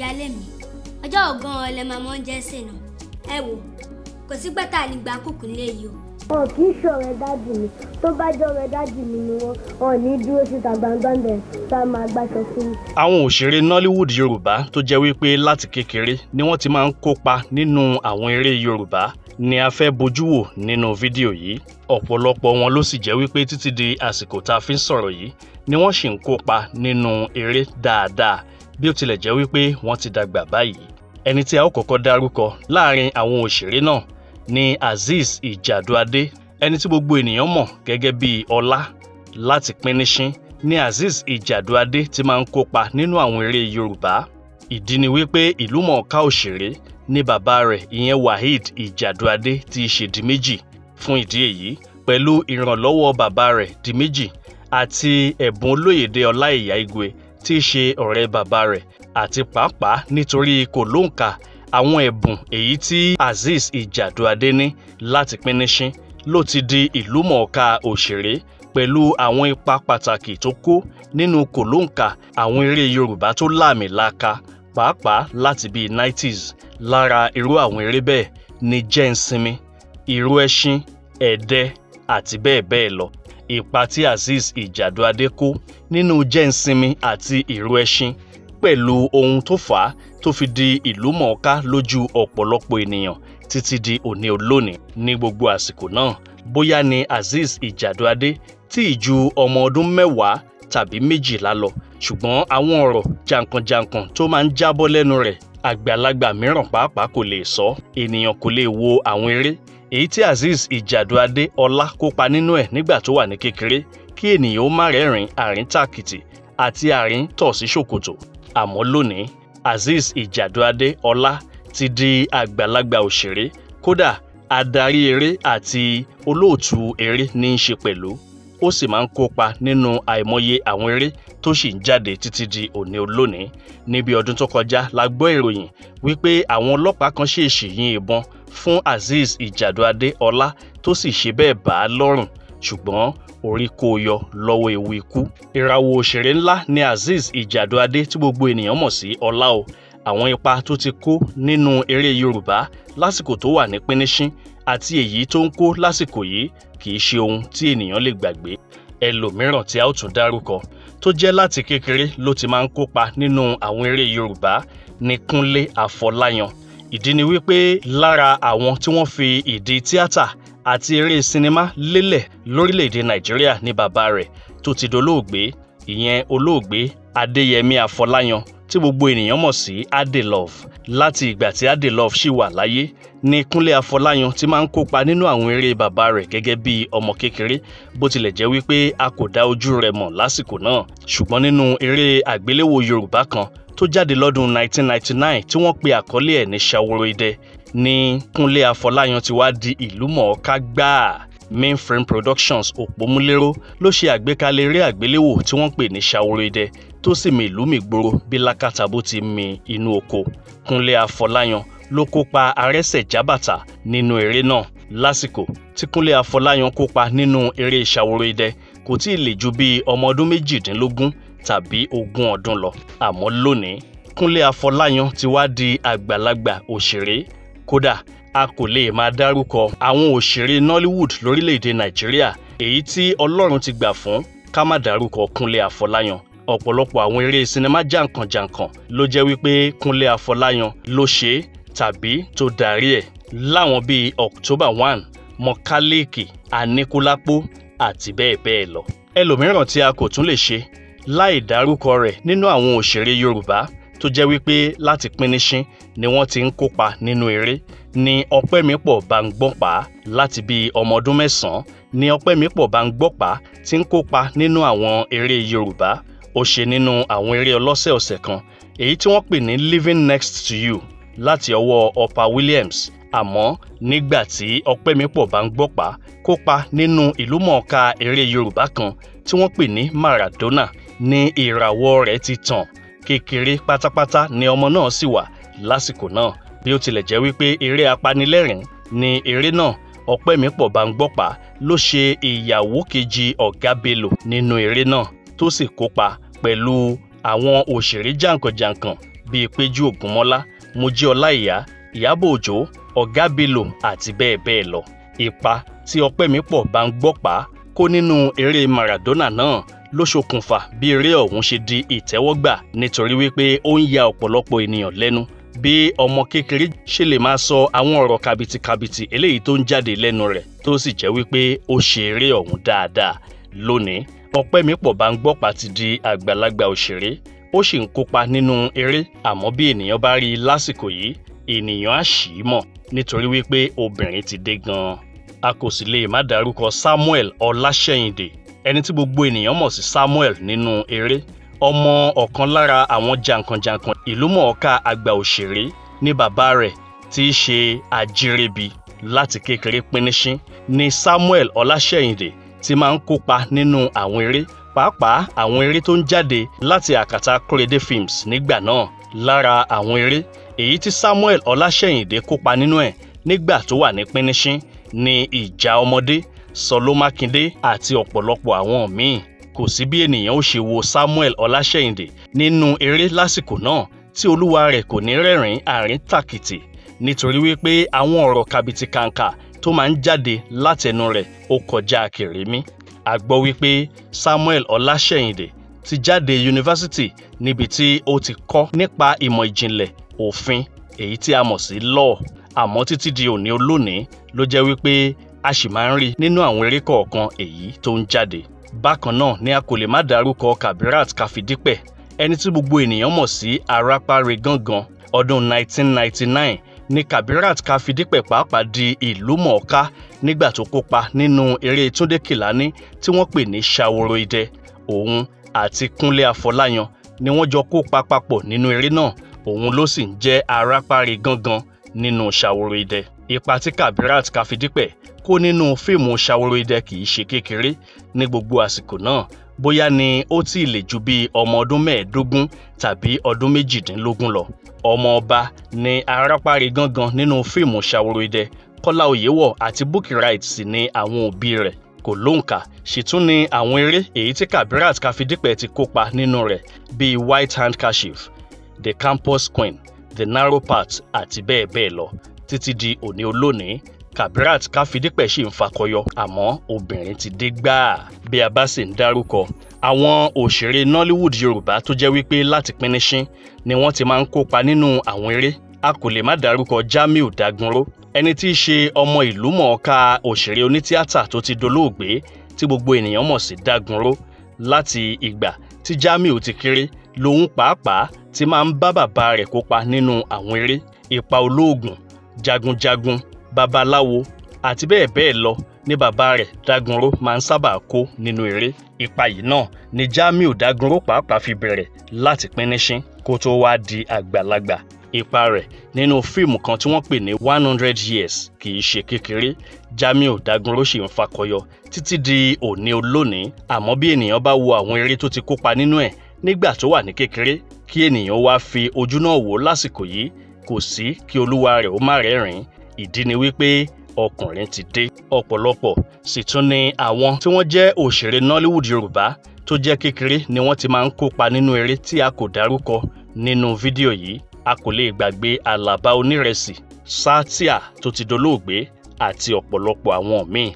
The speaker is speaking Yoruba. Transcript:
ìyálé mi ọjọ́ ògan ọ̀lẹ́ màmá oúnjẹ sè nà ẹ wò kò sí gbẹ́tà nígbà kùkù nílé yìí o. wọn kì í ṣọ̀rẹ́ dájú mi tó bá jọ̀rẹ́ dájú mi ni wọn wọn ní dúró síta gbangba bẹ̀ tá a máa gbàṣọ fún mi. àwọn òṣèré Nollywood Yorùbá tó jẹ́ wípé láti kékeré ni wọ́n ti máa ń kópa nínú àwọn eré Yorùbá ni a fẹ́ bojú wò nínú fídíò yìí ọ̀pọ̀lọpọ̀ wọn ló sì jẹ́ wípé títí di àsìkò tá a fi ń sọ̀rọ̀ yìí ni wọ́n sì ń kópa nínú eré dáadáa bí ó tilẹ̀ jẹ́ wípé wọ́n ti dàgbà báyìí ẹni tí a ó kọ́kọ́ dárúkọ láàrin àwọn òṣèré náà ni Azeez Ijaduade ẹni tí gbogbo ènìyàn mọ̀ gẹ́gẹ́ bí ọlá láti pínnìṣín ni Azeez Ijaduade ti máa ń kópa nínú àwọn eré Yorùbá ìdí ni wípé ìlúmọ̀ọ́ká òṣèré ni bàbá rẹ̀ ìyẹn Waheed Ijaduade ti ṣe di méjì fún ìdí èyí pẹ̀lú ìrànlọ́wọ́ bàbá rẹ̀ di méjì àti ẹ̀bùn olóyèdè Ọláìyá Igwe tí í ṣe ọ̀rẹ́ bàbá rẹ̀ àti pàápàá nítorí kò lóǹkà àwọn ẹ̀bùn èyí tí Azeez Ijadu ní láti pínníṣín ló ti di ìlúmọ̀ọ́ká òṣèré pẹ̀lú àwọn ipa pàtàkì tó kó nínú kò lóǹkà àwọn eré Yorùbá tó láàmìlaka pàápàá láti bíi 90s lára irú àwọn eré bẹ́ẹ̀ ni Jẹ́ ń sinmi Ìró ẹṣin Ẹ̀dẹ àti bẹ́ẹ̀ bẹ́ẹ̀ lọ ipa tí azeez ijàdùadé kó nínú jẹ́nsinmi àti ìró ẹṣin pẹ̀lú ohun tó fà á tó fi di ìlúmọ̀ọ́ká lójú ọ̀pọ̀lọpọ̀ ènìyàn títí di òní olónìí ní gbogbo àsìkò náà bóyá ni azeez ijàdùadé tí ìju ọmọ ọdún mẹ́wàá tàbí méjìlá lọ ṣùgbọ́n àwọn ọ̀rọ̀ jankan tó máa ń jábọ́ lẹ́nu rẹ̀ àgbàlagbà mìíràn pàápàá kò lè sọ ènìyàn kò lè wo àwọn eré èyí tí Azeez Ijaduadé Ọlá kópa nínú ẹ̀ nígbà tó wà ní kékeré kí ènìyàn ó má rẹ́rìn àrín tàkìtì àti àrín tọ̀ sí ṣòkòtò àmọ́ lónìí Azeez Ijaduadé Ọlá ti di àgbàlagbà òṣèré kódà adarí eré àti olóòtú eré ní í ṣe pẹ̀lú ó sì máa ń kópa nínú àìmọye àwọn eré tó sì ń jáde títí di òní olónìí níbi ọdún tó kọjá la gbọ́ ìròyìn wípé àwọn ọlọ́pàá kan ṣèèṣì yìn ìbọn fún aziz Ijàdùadé ọlá tó sì ṣe bẹ́ẹ̀ bá a lọ́rùn ṣùgbọ́n orí kó yọ lọ́wọ́ ewu ikú. ìràwọ̀ òṣèré ńlá ni Azeez Ijàdùadé tí gbogbo ènìyàn mọ̀ sí ọlá o àwọn ipa tó ti kó nínú eré Yorùbá lásìkò tó wà ní píníṣín àti èyí tó ń kó lásìkò yìí kì í ṣe ohun tí ènìyàn lè gbàgbé ẹlòmíràn tí a ó tún dárúkọ tó jẹ́ láti kékeré ló ti máa ń kópa nínú àwọn eré Yorùbá ní Kúnlé Afọláyan ìdí ni wípé lára àwọn tí wọ́n fi ìdí tíátà àti eré sinimá lélẹ̀ lórílẹ̀‐èdè nàìjíríà ní bàbá rẹ̀ tó ti dolóògbé ìyẹn olóògbé adéyẹmí afọláyan tí gbogbo ènìyàn mọ̀ sí Adelove láti ìgbà tí Adelove ṣì wà láyé ni Kúnlé Afọláyan ti máa ń kópa nínú àwọn eré bàbá rẹ̀ gẹ́gẹ́ bí ọmọ kékeré bó tilẹ̀ jẹ́ wípé a kò dá ojú rẹ̀ mọ̀ lásìkò náà ṣùgbọ́n nínú eré àgbéléwò Yorùbá kan tó jáde lọ́dún 1999 tí wọ́n pe àkọlé ẹ̀ ní Ṣaworoide ni Kúnlé Afọláyan ti wá di ìlú mọ̀ọ́ká gbáà Mainframe Productions òpómúléró ló ṣe àgbékalẹ̀ eré àgbéléwò tí wọ́n pè ní Ṣaworoide tó sì mi ìlú mi gbòòrò bí lákàtà bó ti mi inú oko kúnlé afọláyan ló kópa arẹ́sẹ̀jábàtà nínú eré náà lásìkò tí kúnlé afọláyan kópa nínú eré ìṣàwòrò idẹ kò tí ì lè ju bíi ọmọ ọdún méjìdínlógún tàbí ogún ọdún lọ àmọ́ lónìí kúnlé afọláyan ti wá di àgbàlagbà òṣèré kódà a kò lè máa dárúkọ àwọn òṣèré nollywood lórílẹ̀ nàìjíríà èyí tí ọlọ́run ti gbà fún ká má dárúkọ kúnlé afọláyan ọ̀pọ̀lọpọ̀ àwọn eré sinimá jàǹkànjàǹkàn ló jẹ́ wípé Kúnlé Afọláyan ló ṣe tàbí tó darí ẹ̀ láwọn bíi October one Mọkálíìkì Aníkúlápó àti bẹ́ẹ̀ bẹ́ẹ̀ lọ. ẹlòmíràn tí a kò tún lè ṣe láì dárúkọ rẹ̀ nínú àwọn òṣèré Yorùbá tó jẹ́ wípé láti pínníṣín ni wọ́n ti ń kópa nínú eré ni Ọpẹ́mípọ̀ Bangbọ́pá láti bíi ọmọ ọdún mẹ́sàn-án ni Ọpẹ́mípọ̀ Bangbọ́pá ti ń kópa nínú àwọn eré Yorùbá ó ṣe nínú àwọn eré ọlọ́sẹ̀ọ̀sẹ̀ kan èyí tí wọ́n pè ní living next to you láti ọwọ́ Opa Williams àmọ́ nígbà tí Ọpẹ́mípọ̀ bá ń gbọ́pá kópa nínú ìlúmọ̀ọ́ká eré Yorùbá kan tí wọ́n pè ní Maradona ní ìràwọ̀ rẹ̀ ti tàn kékeré pátápátá ni ọmọ náà sì wà lásìkò náà bí ó tilẹ̀ jẹ́ wípé eré apanilẹ́rìn ni eré náà Ọpẹ́mípọ̀ bá ń gbọ́pá ló ṣe ìyàwó kejì ọ̀gá Bello nínú eré náà tó sì kópa pẹ̀lú àwọn òṣèré jàǹkànjàǹkàn bíi péjú ògúnmọ́lá mojí ọláìyá ìyábọ̀ òjó ọ̀gá bello àti bẹ́ẹ̀ bẹ́ẹ̀ lọ ipa tí ọpẹ́mipọ̀ bá ń gbọ́pàá kó nínú eré maradona náà ló ṣokùnfà bí eré ọ̀hún ṣe di ìtẹ́wọ́gbà nítorí wípé ó ń ya ọ̀pọ̀lọpọ̀ ènìyàn lẹ́nu bí ọmọ kékeré ṣe lè máa sọ àwọn ọ̀rọ̀ kàbìtìkàbìtì eléyìí tó ń jáde lẹ́nu rẹ̀ tó sì jẹ́ wípé ó ṣe eré ọ̀hún dáadáa lónìí ọpẹ́mípọ̀ báńgbọ́pá ti di àgbàlagbà òṣèré ó sì ń kópa nínú eré àmọ́ bí ènìyàn bá rí i lásìkò yìí ènìyàn á ṣì í mọ̀ nítorí wípé obìnrin ti dé gan-an a kò sì lè má dárúkọ Samuel Ọláṣẹ́yìndé ẹni tí gbogbo ènìyàn mọ̀ sí Samuel nínú eré ọmọ ọ̀kan lára àwọn jàǹkànjàǹkàn ìlúmọ̀ọ́ká àgbà òṣèré ní bàbá rẹ̀ tí í ṣe Ajírébi láti kékeré píníṣín ni Samuel Ọláṣẹ́yìndé ti máa ń kópa nínú àwọn eré pàápàá àwọn eré tó ń jáde láti àkàtà Kórèdé Films nígbà náà lára àwọn eré èyí tí Samuel Ọláṣẹ́yìndé kópa nínú ẹ̀ nígbà tó wà ní píníṣín ní ìjà ọmọdé Sọló Mákindé àti ọ̀pọ̀lọpọ̀ àwọn míì kò sí bí ènìyàn ó ṣe wo Samuel Ọláṣẹ́yìndé nínú eré lásìkò náà tí olúwa rẹ̀ kò ní rẹ́rìn-ín àríntàkìtì nítorí wípé àwọn ọ̀rọ̀ kàbìtìkàǹkà tó máa ń jáde látẹnu rẹ̀ ó kọjá kèrémí a gbọ́ wípé Samuel Ọláṣẹ́yìndé ti jáde yunifásitì níbi tí ó ti kọ́ nípa ìmọ̀ ìjìnlẹ̀ òfin èyí tí a mọ̀ sí law àmọ́ títí di òní olónìí ló jẹ́ wípé a sì máa ń rí nínú àwọn eré kọ̀ọ̀kan èyí tó ń jáde bákan náà ni a kò lè má dárúkọ Kabirat Kafidipẹ ẹni tí gbogbo ènìyàn mọ̀ sí Arápáre Gángan ọdún 1999 ni Kabirat Kafidípẹ̀ pàápàá di ìlú mọ̀ọ́ká nígbà tó kópa nínú eré Túndé Kèlání tí wọ́n pè ní Ṣaworo Idẹ òun àti Kúnlé Afọláyan ni wọ́n jọ kópa papọ̀ nínú eré náà òun ló sì ń jẹ́ arápárí gangan nínú Ṣaworo Idẹ ipa tí Kabirat Kafidípẹ̀ kó nínú fíìmù Ṣaworo Idẹ kì í ṣe kékeré ní gbogbo àsìkò náà bóyá ni ó tí ì lè ju bí ọmọ ọdún mẹ́ẹ̀ẹ́dógún tàbí ọdún méjìdínlógún lọ ọmọ ọba ni arápárí gangan nínú fíìmù Ṣàwòrẹ́dẹ Kọ́lá Oyèwọ̀ àti Bukky Wright sì ni àwọn òbí rẹ̀ kò lóǹkà ṣìtún ni àwọn eré èyí tí Kabirat Kafidipẹ ti kópa nínú rẹ̀ bíi White Handkerchief The Campus Queen The Narrow Path àti bẹ́ẹ̀ bẹ́ẹ̀ lọ títí di òní olónìí Kabirat Káfídípẹ̀ ṣì ń fakọyọ àmọ́ obìnrin ti dé gbáà bí a bá sì ń dárúkọ àwọn òṣèré Nollywood Yorùbá tó jẹ́ wípé láti pínníṣín ni wọ́n ti máa ń kópa nínú àwọn eré a kò lè má dárúkọ Jamiu Dagunro ẹni tí í ṣe ọmọ ìlú mọ̀ọ́ká òṣèré onítìátà tó ti dolóògbé tí gbogbo ènìyàn mọ̀ sí Dagunro láti ìgbà tí Jamiu ti kéré lòun pàápàá ti máa ń bá bàbá rẹ̀ kópa nínú àwọn eré ipa olóògùn jagunjagun babaláwo àti bẹ́ẹ̀ bẹ́ẹ̀ lọ ni bàbá rẹ̀ Dagunro máa ń sábà kó nínú eré ipa yìí náà ni Jamiu Dagunro pàápàá fi bẹ̀rẹ̀ láti píníṣín kó tó wá di àgbàlagbà ipa rẹ̀ nínú fíìmù kan tí wọ́n pè ní one hundred years kì í ṣe kékeré Jamiu Dagunro ṣì ń fakọyọ títí di òní olónìí àmọ́ bí ènìyàn bá wo àwọn eré tó ti kópa nínú ẹ̀ nígbà tó wà ní kékeré kí ènìyàn wá fi ojú náà wò lásìkò yìí kò sí kí olúwa rẹ̀ ó má rẹ́rìn-ín ìdí ni wípé ọkùnrin ti dé ọ̀pọ̀lọpọ̀ sì tún ni àwọn tí wọ́n jẹ́ òṣèré Nollywood Yorùbá tó jẹ́ kékeré ni wọ́n ti máa ń kópa nínú eré tí a kò dárúkọ nínú fídíò yìí a kò lè gbàgbé Àlàbá Onírẹsì Sàtíà tó ti dolóògbé àti ọ̀pọ̀lọpọ̀ àwọn míì